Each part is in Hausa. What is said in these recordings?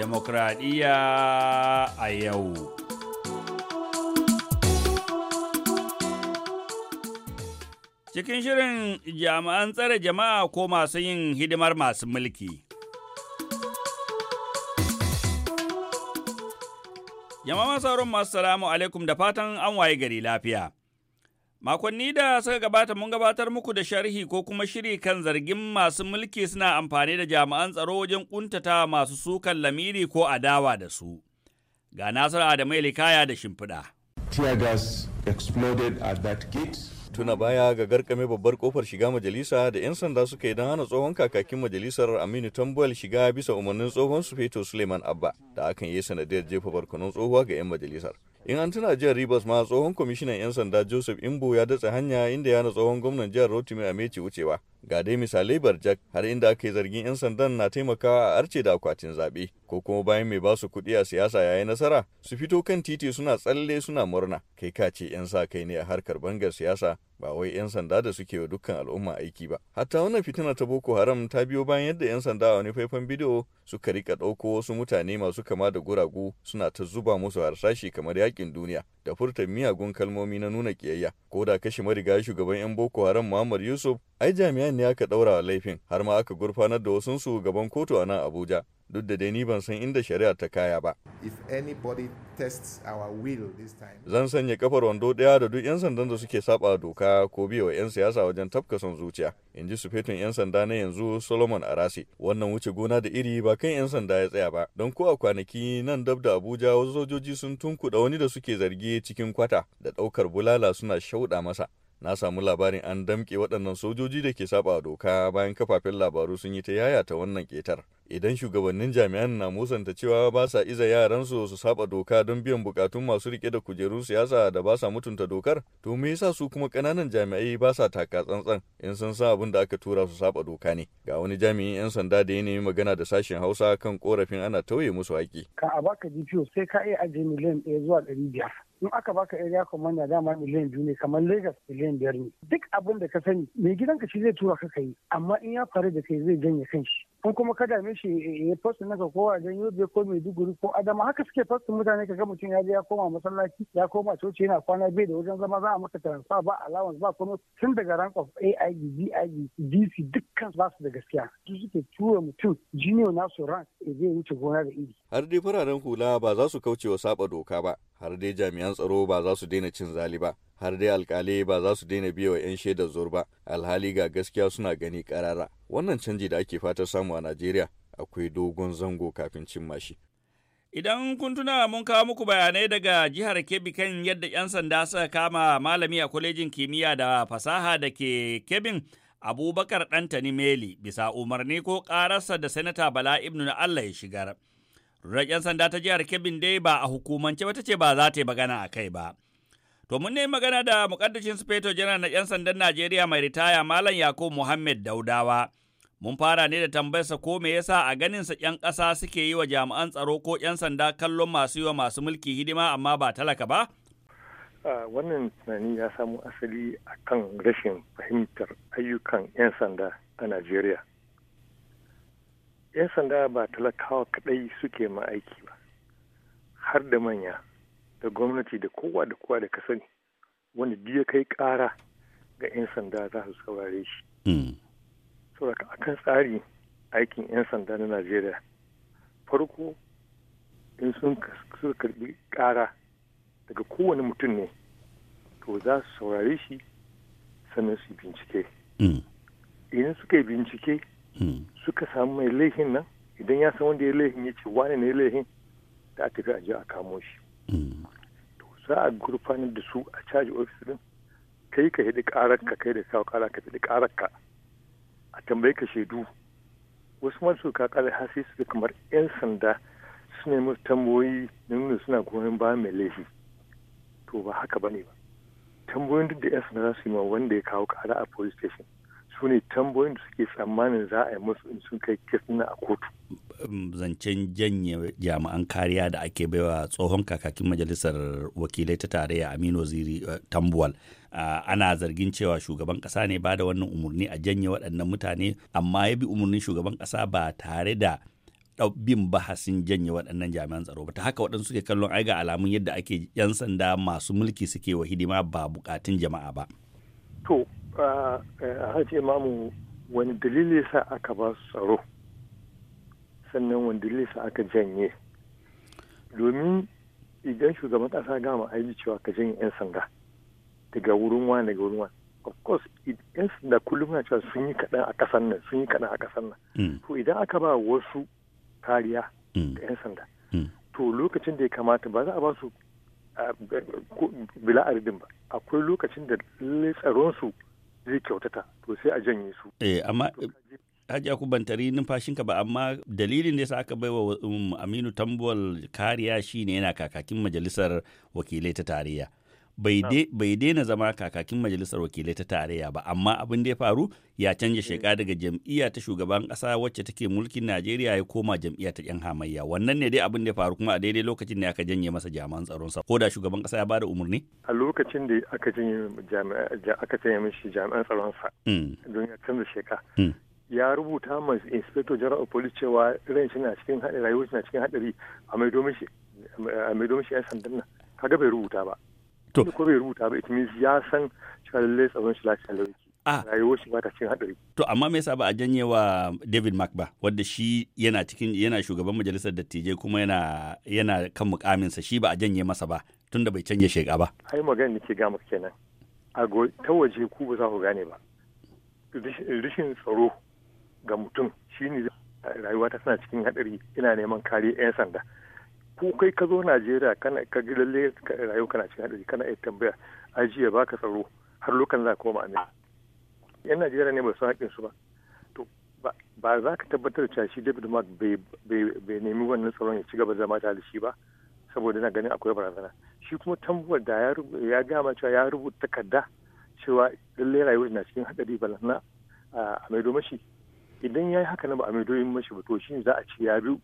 demokradiyya a yau. Cikin shirin jami'an tsare jama'a ko masu yin hidimar masu mulki. Jama'a sauran masu salamu alaikum da fatan an waye gari lafiya. Makonni da suka gabata mun gabatar muku da sharhi ko kuma shiri kan zargin masu mulki suna amfani da jami'an tsaro wajen kuntata masu sukan lamiri ko adawa da su. Ga Nasiru Adamu Elikaya da Shimfiɗa. Tear gas exploded at that gate. Tuna baya ga garkame babbar kofar shiga majalisa da 'yan sanda suka yi don hana tsohon kakakin majalisar Aminu Tambuwal shiga bisa umarnin tsohon su fito Suleiman Abba da akan yi sanadiyar jefa barkonon tsohuwa ga 'yan majalisar. in an tuna jihar Rivers ma tsohon kwamishinan 'yan sanda Joseph Imbo ya datsa hanya inda ya na tsohon gwamnan jihar Rotimi a Amechi wucewa. Ga dai misalai barjak har inda ake zargin 'yan sandan na taimakawa a arce da akwatin zaɓe. ko kuma bayan mai basu kuɗi a siyasa yayi nasara su fito kan titi suna tsalle suna murna kai ka ce 'yan sa kai ne a harkar bangar siyasa ba wai 'yan sanda da suke wa dukkan al'umma aiki ba hatta wannan fitina ta boko haram ta biyo bayan yadda 'yan sanda a wani faifan bidiyo suka rika ɗauko wasu mutane masu kama da guragu suna ta zuba musu harsashi kamar yakin duniya da furta miyagun kalmomi na nuna kiyayya ko da kashe mariga shugaban 'yan boko haram muhammad yusuf ai jami'an ne aka ɗaura laifin har ma aka gurfanar da wasunsu gaban kotu a nan abuja duk da dai ni ban san inda shari'a ta kaya ba. Zan sanya kafar wando ɗaya da duk 'yan sandan da suke saba doka ko biyawa 'yan siyasa wajen tafka son zuciya. In ji sufetun 'yan sanda na yanzu Solomon Arasi. Wannan wuce gona da iri ba kan 'yan sanda ya tsaya ba. Don ko a kwanaki nan dab da Abuja wasu sojoji sun tunkuɗa wani da suke zargi cikin kwata da ɗaukar bulala suna shauɗa masa. na samu labarin an damƙe waɗannan sojoji da ke saba doka bayan kafafen labaru sun yi ta yaya ta wannan ƙetar idan shugabannin jami'an na musanta cewa ba sa iza yaransu su saba doka don biyan bukatun masu rike da kujeru siyasa da ba sa mutunta dokar to me yasa su kuma ƙananan jami'ai ba sa taka tsantsan in sun san abin da aka tura su saba doka ne ga wani jami'in 'yan sanda da ya nemi magana da sashen hausa kan korafin ana tauye musu haƙi ka a baka sai ka iya ajiye miliyan ɗaya zuwa ɗari biyar in aka baka area commander dama miliyan biyu ne kamar Lagos miliyan biyar ne duk abin da ka sani mai gidanka shi zai tura ka kai amma in ya faru da kai zai janye kanshi ko kuma ka dame shi eh, ya fasta naka ko a janyo bai ko maiduguri ko adama haka suke fasta mutane ka ga mutum ya je ya koma masallaci ya koma coci yana kwana bai da wajen zama za a maka taransa ba allowance ba kuma tun daga rank of AIG DIG DC dukkan ba su da gaskiya su suke tura mutum junior nasu rank ya zai wuce gona da iri. har dai fararen hula ba za su kauce wa saba doka ba har dai jami'an tsaro ba za su daina cin zali ba har dai alkalai ba za su daina biya wa 'yan shaidar zur ba alhali ga gaskiya suna gani karara wannan canji da ake fatar samu a najeriya akwai dogon zango kafin cin shi. Idan kun tuna mun kawo muku bayanai daga jihar Kebbi kan yadda 'yan sanda suka kama malami a kwalejin kimiyya da fasaha da ke Kebbin Abubakar Ɗantani Meli bisa umarni ko ƙararsa da Sanata Bala Ibnu na Allah ya shigar. Rurar 'yan sanda ta jihar Kebbin dai ba a hukumance wata ce ba za ta yi magana a kai ba. To mun ne magana da mukaddashin Sufeto Janar na 'yan sandan Najeriya mai ritaya Malam yakub Muhammad Daudawa. Mun fara ne da tambayarsa ko me yasa a ganin sa 'yan ƙasa suke yi wa jami'an tsaro ko 'yan sanda kallon masu yi wa masu mulki hidima amma ba talaka ba? Wannan tunani ya samu asali a kan rashin fahimtar ayyukan 'yan sanda a Najeriya. 'Yan sanda ba talakawa kaɗai suke ma aiki ba, har da manya. da gwamnati da kowa da kowa da ka sani wanda duk ya kai ƙara ga 'yan sanda za su saurare shi. Hmm. Sauraka a kan tsari aikin 'yan sanda na Najeriya farko in sun karbi ƙara daga kowane mutum ne to za su saurare shi sannan su bincike. Hmm. Idan suka yi bincike hmm. suka samu mai laihin nan idan ya san wanda ya laifin ya ce wane ne laifin da aka fi a a kamo shi. za a gurfanar da su a caji ofis din kai ka hidi karar kai da kawo kara ka hidi karar a tambaye ka shaidu wasu masu ka kare har sai su kamar yan sanda su ne musu tambayoyi na nuna suna goyon ba mai laifi to ba haka ba ne ba tamboyin duk da yan sanda za su yi ma wanda ya kawo kara a police station su ne tambayoyin da suke tsammanin za a yi musu in sun kai kes a kotu. Zancen janye jami'an kariya da ake baiwa tsohon kakakin majalisar wakilai ta tarayya Aminu Ziri eh, Tambuwal. Ah, ana zargin cewa shugaban kasa ne ba da wannan umarni a janye waɗannan mutane amma ya bi umarnin shugaban kasa ba tare da bin bahasin janye waɗannan jami'an tsaro ba ta haka waɗansu suke kallon ai alamun yadda ake 'yan sanda masu mulki suke wa hidima ba bukatun jama'a ba. To hajji mamu wani dalili sa aka ba su tsaro sannan wani dalili sa aka janye domin idan shugaban kasa gama aiki cewa ka janye 'yan sanda daga wurin wani daga wurin wani of course yan sanda kullum na cewa sun yi kaɗan a ƙasar nan sun yi kaɗan a ƙasar nan mm. to idan aka ba wasu kariya da mm. yan sanda mm. to lokacin da ya kamata ba za a ba su bila adadin ba akwai lokacin da tsaron su zai kyautata to sai a janye su eh amma ku ban tari numfashinka ba amma dalilin da yasa aka bai baiwa um, Aminu Tambuwal kariya shi ne yana kakakin majalisar wakilai ta tarayya bai daina zama kakakin majalisar wakilai ta tarayya ba amma abin da ya faru ya canja eh. sheka daga jam'iyya ta shugaban kasa wacce take mulkin najeriya ya koma jam'iyya ta yan hamayya wannan ne dai abin da ya faru kuma a daidai lokacin ne aka janye masa jami'an tsaron sa ko da shugaban kasa ya bada umarni a lokacin da aka janye aka janye mishi jami'an tsaron sa hmm. don ya canza sheka hmm. ya rubuta ma inspector general of police cewa ran shi na cikin hadari rayuwar shi na cikin hadari a domin shi a domin shi ya sandan nan kaga bai rubuta ba to ko bai rubuta ba it means ya san cewa lallai tsaron shi lafiya lau a ah. rayuwar shi ba ta cin haɗari. to amma me yasa ba a janye wa David Mark ba wanda shi yana cikin yana shugaban majalisar dattijai kuma yana yana kan mukaminsa shi ba a janye masa ba tunda bai canje sheka ba ai magana nake ga maka kenan a ta waje ku ba za ku gane ba rishin tsaro ga mutum shine rayuwa ta tana cikin haɗari ina neman kare 'yan sanda ko kai ka zo najeriya kana ka lalle rayuwa kana cikin hadari kana iya tambaya ajiya ka tsaro har lokacin za ka koma amina yan najeriya ne ba su haƙin su ba to ba za ka tabbatar da shi david mark bai nemi wannan tsaron ya ci gaba zama da shi ba saboda yana ganin akwai barazana shi kuma tambuwar da ya gama cewa ya rubuta takarda cewa lalle rayuwa na cikin hadari na a maido mashi idan ya yi haka na ba a maido mashi ba to shi za a ci ya bi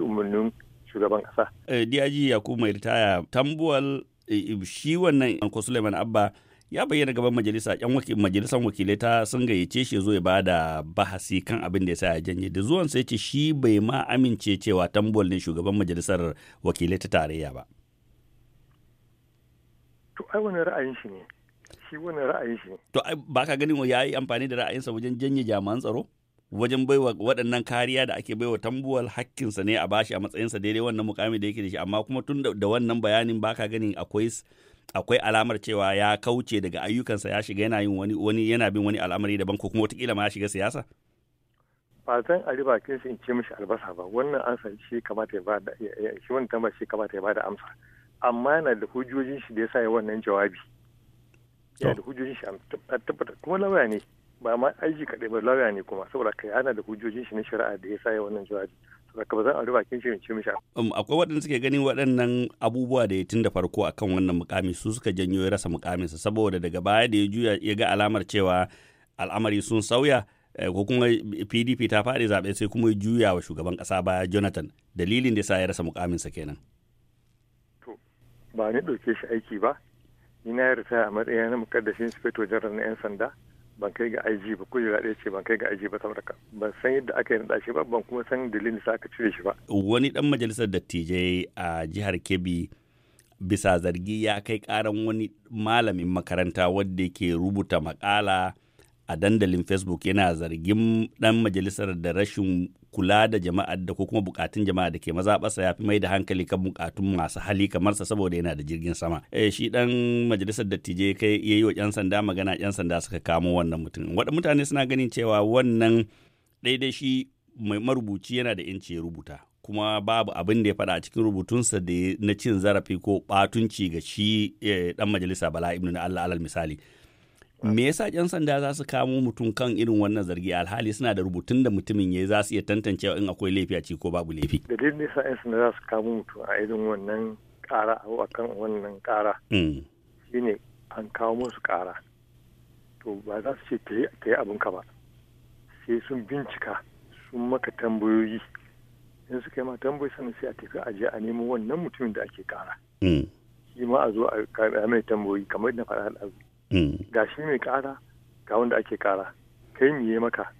umarnin shugaban kasa. Eh, DIG Yakubu mai ritaya tambuwal eh, eh, shi wannan Anko Suleiman Abba ya bayyana gaban majalisa yan majalisar wakilai ta sun gayyace shi zo ya ba da bahasi kan abin da ya sa ya janye da zuwan sai ce shi bai ma amince cewa tambuwal ne shugaban majalisar wakilai ta tarayya ba. To ai wani ra'ayin shi ne. Shi wani ra'ayin shi ne. To ba ka ganin ya yi amfani da ra'ayinsa wajen janye jami'an tsaro? wajen baiwa waɗannan kariya da ake baiwa tambuwal hakkinsa ne a bashi a matsayinsa daidai wannan mukami da yake da shi amma kuma tun da wannan bayanin baka ganin akwai akwai alamar cewa ya kauce daga ayyukansa ya shiga yana yin wani wani yana bin wani al'amari daban ko kuma watakila ma ya shiga siyasa ba zan ari riba kin in ce mishi albasa ba wannan ansa shi kamata ya ba shi wannan tambar shi kamata ya ba da amsa amma yana da hujjojin shi da yasa ya wannan jawabi yana da hujjojin shi a tabbata kuma lauya ne ba ma aiki kaɗai ba lauya ne kuma saboda kai ana da hujjojin shi na shari'a da ya sa ya wannan jawabi saboda ba zan aure bakin shi ce mishi um, akwai waɗanda suke ganin waɗannan abubuwa da ya tun da farko akan wannan mukamin su suka janyo ya rasa mukaminsa saboda daga baya da ya juya ya ga alamar cewa al'amari sun sauya eh, ko kuma PDP ta faɗi zaɓe sai kuma ya juya wa shugaban ƙasa baya Jonathan dalilin da sa ya rasa mukaminsa kenan to ba ni ɗauke shi aiki ba ni na yarda a matsayin mukaddashin sifeto jarar na 'yan sanda ban kai ga IG ba kujera ɗaya ce ban kai ga IG ba saboda ban san yadda aka yi naɗa shi ba ban kuma san dalilin sa aka cire shi ba. Wani dan majalisar dattijai a jihar Kebbi bisa zargi ya kai ƙaran wani malamin makaranta wadda ke rubuta maƙala a dandalin facebook yana zargin dan majalisar da rashin kula da jama'a da ko kuma bukatun jama'a da ke maza mazaɓarsa ya fi mai da hankali kan bukatun masu hali kamar sa saboda yana da jirgin sama eh shi dan majalisar dattijai kai yayi wa yan sanda magana yan sanda suka kamo wannan mutum wanda mutane suna ganin cewa wannan daidai shi mai marubuci yana da yanci ya rubuta kuma babu abin da ya faɗa a cikin rubutunsa da na cin zarafi ko ɓatunci ga shi dan eh, majalisa bala ibnu na allah alal misali me yasa yan sanda za su kamo mutum kan irin wannan zargi alhali suna da rubutun da mutumin ya za su iya tantancewa in akwai laifi a ko babu laifi da dai nisa ƴan sanda za su kamo mutum a irin wannan kara a kan wannan kara mm. shine an kawo musu kara to ba za su ce ta yi abinka ba sai sun bincika sun maka tambayoyi in suka yi ma tambayi sannan sai a tafi a a nemo wannan mutumin da ake kara mm. shi ma a zo a mai tambayoyi kamar yadda faɗa al'adu Mm. ga shi mai kara ga wanda ake kara kai mu yi maka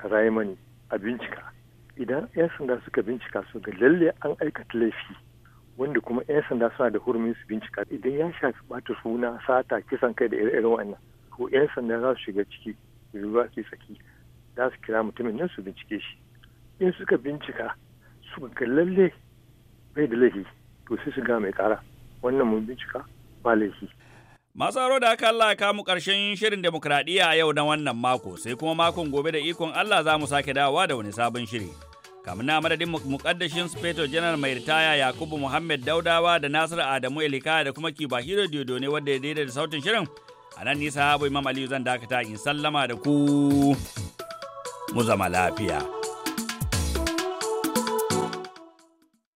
ka zai mani a bincika idan 'yan sanda suka bincika su ga lalle an aikata laifi wanda kuma 'yan sanda suna da hurumin su bincika idan ya shafi bata suna sata kisan kai da irin wannan ko 'yan sanda za su shiga ciki ruwa su tsaki za su kira mutumin nan su bincike shi in suka bincika suka ga lalle bai da laifi to sai su ga mai kara wannan mun bincika ba laifi Masu da haka Allah ya mu ƙarshen shirin demokradiyya a yau na wannan mako sai kuma makon gobe da ikon Allah za mu sake dawowa da wani sabon shiri. Kamun na madadin mukaddashin Speto Janar mai ritaya Yakubu Muhammad Daudawa da Nasiru Adamu Elika da kuma Kiba Hiro Diodo ne wadda ya daidai da sautin shirin. A nan nisa Habu Imam Aliyu zan dakata in sallama da ku mu zama lafiya.